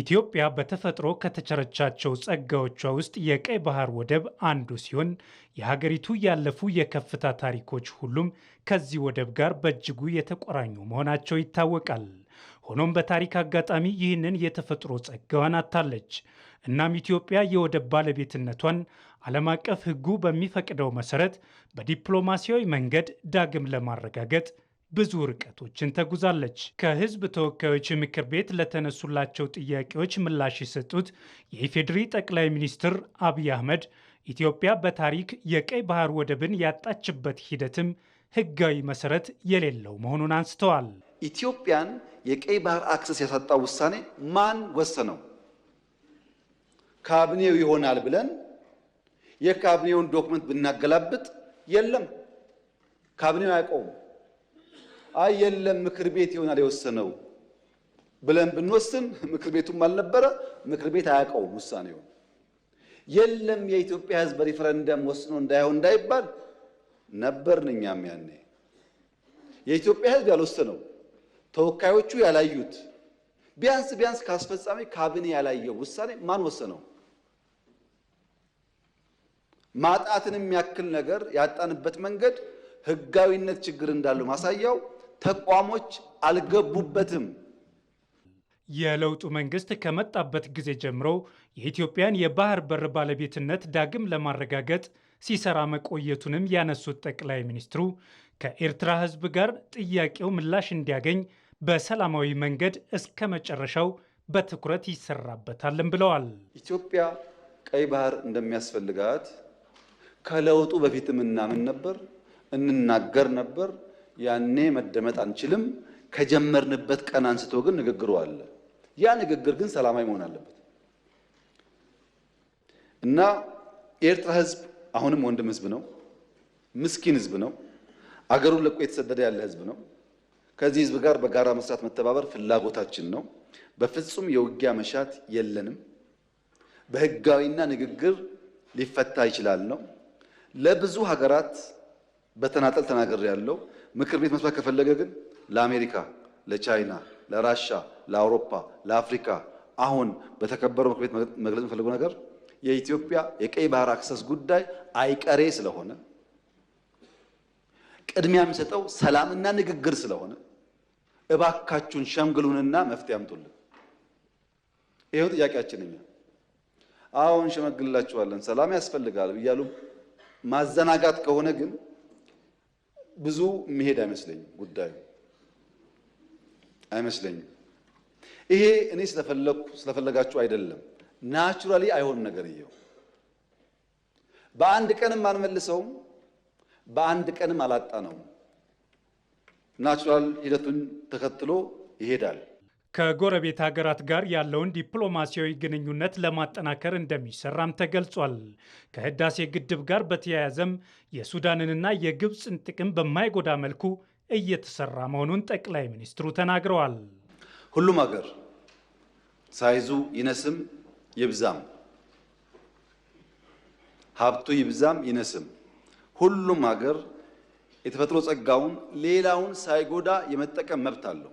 ኢትዮጵያ በተፈጥሮ ከተቸረቻቸው ጸጋዎቿ ውስጥ የቀይ ባህር ወደብ አንዱ ሲሆን የሀገሪቱ ያለፉ የከፍታ ታሪኮች ሁሉም ከዚህ ወደብ ጋር በእጅጉ የተቆራኙ መሆናቸው ይታወቃል። ሆኖም በታሪክ አጋጣሚ ይህንን የተፈጥሮ ጸጋዋን አታለች። እናም ኢትዮጵያ የወደብ ባለቤትነቷን ዓለም አቀፍ ሕጉ በሚፈቅደው መሰረት በዲፕሎማሲያዊ መንገድ ዳግም ለማረጋገጥ ብዙ ርቀቶችን ተጉዛለች። ከህዝብ ተወካዮች ምክር ቤት ለተነሱላቸው ጥያቄዎች ምላሽ የሰጡት የኢፌዴሪ ጠቅላይ ሚኒስትር አብይ አህመድ ኢትዮጵያ በታሪክ የቀይ ባህር ወደብን ያጣችበት ሂደትም ህጋዊ መሰረት የሌለው መሆኑን አንስተዋል። ኢትዮጵያን የቀይ ባህር አክሰስ ያሳጣው ውሳኔ ማን ወሰነው? ካቢኔው ይሆናል ብለን የካቢኔውን ዶክመንት ብናገላብጥ የለም፣ ካቢኔው አያውቀውም። አይ የለም ምክር ቤት ይሆናል የወሰነው ብለን ብንወስን ምክር ቤቱም አልነበረ፣ ምክር ቤት አያውቀውም ውሳኔው የለም የኢትዮጵያ ሕዝብ በሪፈረንደም ወስኖ እንዳይሆን እንዳይባል ነበርን እኛም ያኔ። የኢትዮጵያ ሕዝብ ያልወሰነው ተወካዮቹ ያላዩት ቢያንስ ቢያንስ ከአስፈጻሚ ካቢኔ ያላየው ውሳኔ ማን ወሰነው? ማጣትን የሚያክል ነገር ያጣንበት መንገድ ህጋዊነት ችግር እንዳለው ማሳያው ተቋሞች አልገቡበትም። የለውጡ መንግስት ከመጣበት ጊዜ ጀምሮ የኢትዮጵያን የባህር በር ባለቤትነት ዳግም ለማረጋገጥ ሲሰራ መቆየቱንም ያነሱት ጠቅላይ ሚኒስትሩ ከኤርትራ ሕዝብ ጋር ጥያቄው ምላሽ እንዲያገኝ በሰላማዊ መንገድ እስከ መጨረሻው በትኩረት ይሰራበታልም ብለዋል። ኢትዮጵያ ቀይ ባህር እንደሚያስፈልጋት ከለውጡ በፊትም እናምን ነበር፣ እንናገር ነበር። ያኔ መደመጥ አንችልም። ከጀመርንበት ቀን አንስቶ ግን ንግግሩ አለ። ያ ንግግር ግን ሰላማዊ መሆን አለበት እና የኤርትራ ህዝብ አሁንም ወንድም ህዝብ ነው። ምስኪን ህዝብ ነው። አገሩን ለቆ የተሰደደ ያለ ህዝብ ነው። ከዚህ ህዝብ ጋር በጋራ መስራት፣ መተባበር ፍላጎታችን ነው። በፍጹም የውጊያ መሻት የለንም። በህጋዊና ንግግር ሊፈታ ይችላል ነው ለብዙ ሀገራት በተናጠል ተናገር ያለው ምክር ቤት መስማት ከፈለገ ግን ለአሜሪካ፣ ለቻይና፣ ለራሻ፣ ለአውሮፓ፣ ለአፍሪካ አሁን በተከበረው ምክር ቤት መግለጽ የምፈልገው ነገር የኢትዮጵያ የቀይ ባህር አክሰስ ጉዳይ አይቀሬ ስለሆነ ቅድሚያ የሚሰጠው ሰላምና ንግግር ስለሆነ እባካችሁን ሸምግሉንና መፍትሄ አምጡልን። ይህ ጥያቄያችን። እኛ አሁን ሸመግልላችኋለን፣ ሰላም ያስፈልጋል እያሉ ማዘናጋት ከሆነ ግን ብዙ መሄድ አይመስለኝም ጉዳዩ አይመስለኝም። ይሄ እኔ ስለፈለኩ ስለፈለጋችሁ አይደለም። ናቹራሊ አይሆን ነገርየው። በአንድ ቀንም አንመልሰውም፣ በአንድ ቀንም አላጣ ነው። ናቹራል ሂደቱን ተከትሎ ይሄዳል። ከጎረቤት ሀገራት ጋር ያለውን ዲፕሎማሲያዊ ግንኙነት ለማጠናከር እንደሚሰራም ተገልጿል። ከህዳሴ ግድብ ጋር በተያያዘም የሱዳንንና የግብፅን ጥቅም በማይጎዳ መልኩ እየተሰራ መሆኑን ጠቅላይ ሚኒስትሩ ተናግረዋል። ሁሉም ሀገር ሳይዙ ይነስም ይብዛም ሀብቱ ይብዛም ይነስም ሁሉም ሀገር የተፈጥሮ ጸጋውን ሌላውን ሳይጎዳ የመጠቀም መብት አለው።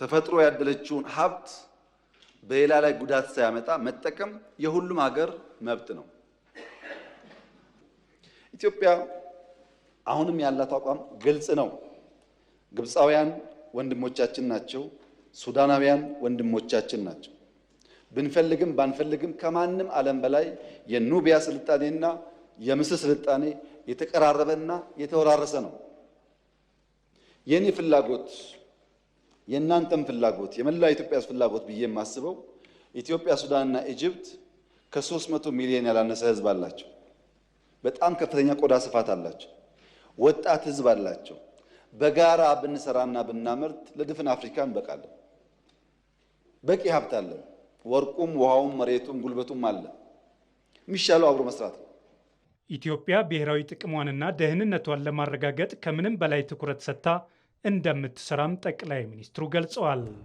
ተፈጥሮ ያደለችውን ሀብት በሌላ ላይ ጉዳት ሳያመጣ መጠቀም የሁሉም ሀገር መብት ነው። ኢትዮጵያ አሁንም ያላት አቋም ግልጽ ነው። ግብፃውያን ወንድሞቻችን ናቸው። ሱዳናውያን ወንድሞቻችን ናቸው። ብንፈልግም ባንፈልግም ከማንም ዓለም በላይ የኑቢያ ስልጣኔና የምስር ስልጣኔ የተቀራረበና የተወራረሰ ነው። የኔ ፍላጎት የእናንተም ፍላጎት የመላው ኢትዮጵያ ፍላጎት ብዬ የማስበው ኢትዮጵያ፣ ሱዳንና ኢጅፕት ከ300 ሚሊዮን ያላነሰ ህዝብ አላቸው። በጣም ከፍተኛ ቆዳ ስፋት አላቸው። ወጣት ህዝብ አላቸው። በጋራ ብንሰራና ብናመርት ለድፍን አፍሪካ እንበቃለን። በቂ ሀብት አለን። ወርቁም፣ ውሃውም፣ መሬቱም ጉልበቱም አለ። የሚሻለው አብሮ መስራት ነው። ኢትዮጵያ ብሔራዊ ጥቅሟንና ደህንነቷን ለማረጋገጥ ከምንም በላይ ትኩረት ሰጥታ እንደምትሰራም ጠቅላይ ሚኒስትሩ ገልጸዋል።